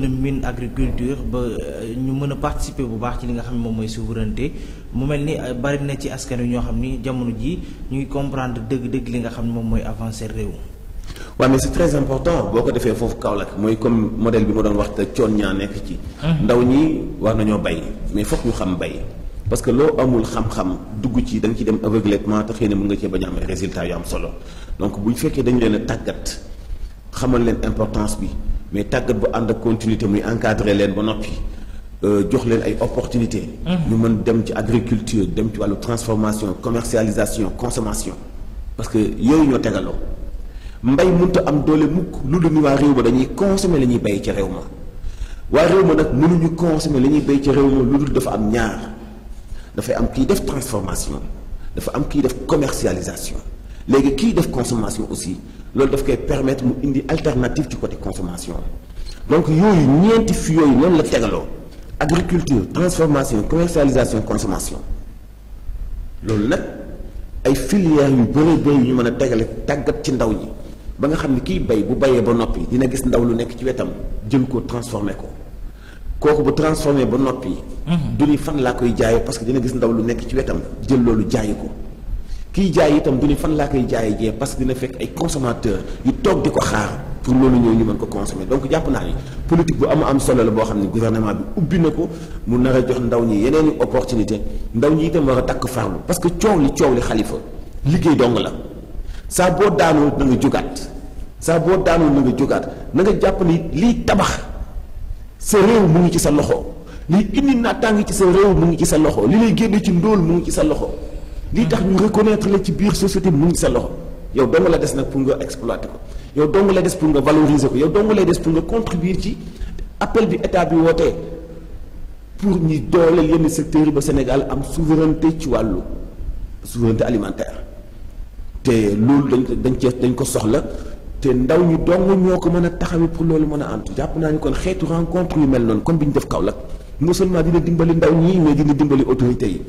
gën a agriculture ba euh, ñu mëna participer bu baax ci li nga xamni mom moy souveraineté mu melni euh, bari na ci askan ñoo xamni jamono ji ñuy comprendre deug deug li nga xamni mom moy avancer rew wa mais c'est très important boko ko fofu kaolak moy comme modèle bi mo doon wax te cion ñaa nekk ci. Hum. ndaw ñi war nañu bay mais fofu ñu xam bay. parce que lo amul xam-xam dugg ci dañ ci dem aveuglément te xëy na nga ci bañ a am ay yu am solo donc buñu féké dañ leen tagat xamal leen importance bi mais tàggat bu ànd ak continuité muy encadrer leen ba euh jox len ay opportunités. Hum. ñu mën dem ci agriculture dem ci walu transformation commercialisation consommation parce que yooyu ñoo tegaloo mbay mënut a am doole mukk lu dul ni waa réew ma dañuy consommer la ñuy bay ci réew ma waa réew ma mënu ñu consommer la ñuy bay ci réew ma lu dafa am ñaar dafa am kii def transformation dafa am kii def commercialisation les kii def consommation aussi leur daf koy permettre mu indi alternative ci côté consommation donc il y fi une noonu la tegaloo agriculture transformation commercialisation consommation loolu nag ay filières yu bëree bëri yu ñu mën a tegale tàggat ci ndaw ñi ba nga xam ne kii bay bu bayee ba noppi dina gis ndaw lu nekk ci wetam jël ko transformé ko kooku bu transformé ba noppi. Mhm. du ni fan laa koy jaayee parce que dina gis ndaw lu nekk ci wetam jël le jaayi ko. Qui jaay itam du fan la kay parce que dina fekk ay consommateurs ils tok diko xaar pour lolu ñoo ñu mën ko consommer donc japp na ni politique bu am am solo la gouvernement bi ubbi ko mu a jox ndaw ñi yeneen opportunité ndaw ñi parce que ciow li ciow li Khalifa. liggey dong la sa bo nga sa bo nga nga japp ni li tabax ce mu ngi ci sa loxo ci sa mu ngi ci sa loxo li lay ci mu lii tax ñu reconnaître la ci biir société mu ngi sa loxo yow dong la des nag pour nga exploiter ko yow dong la des pour nga valoriser ko yow dong lay des pour nga contribuer ci appel bi état bi wootee pour ñi doole yenn secteurs ba Sénégal am souveraineté ci wàllu souveraineté alimentaire te loolu dañ dañ cee dañ ko soxla te ndaw ñu dong ñoo ko mën a pour loolu mën a antu jàpp naa ni kon xeetu rencontre yu mel noonu comme bi ñu def Kaolack non seulement dina dimbali ndaw ñi mais dina dimbali autorité yi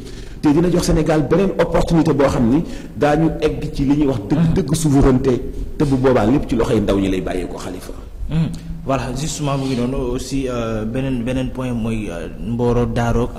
te dina jox Sénégal benen opportunité bo xamni dañu egg ci li ñuy wax deug hmm. deug souveraineté te bu boobaa lépp ci loxey ndaw ñi lay bayé ko xalifa hmm. voilà justement mu ngi noonu aussi euh, benen benen point moy euh, Mboro darok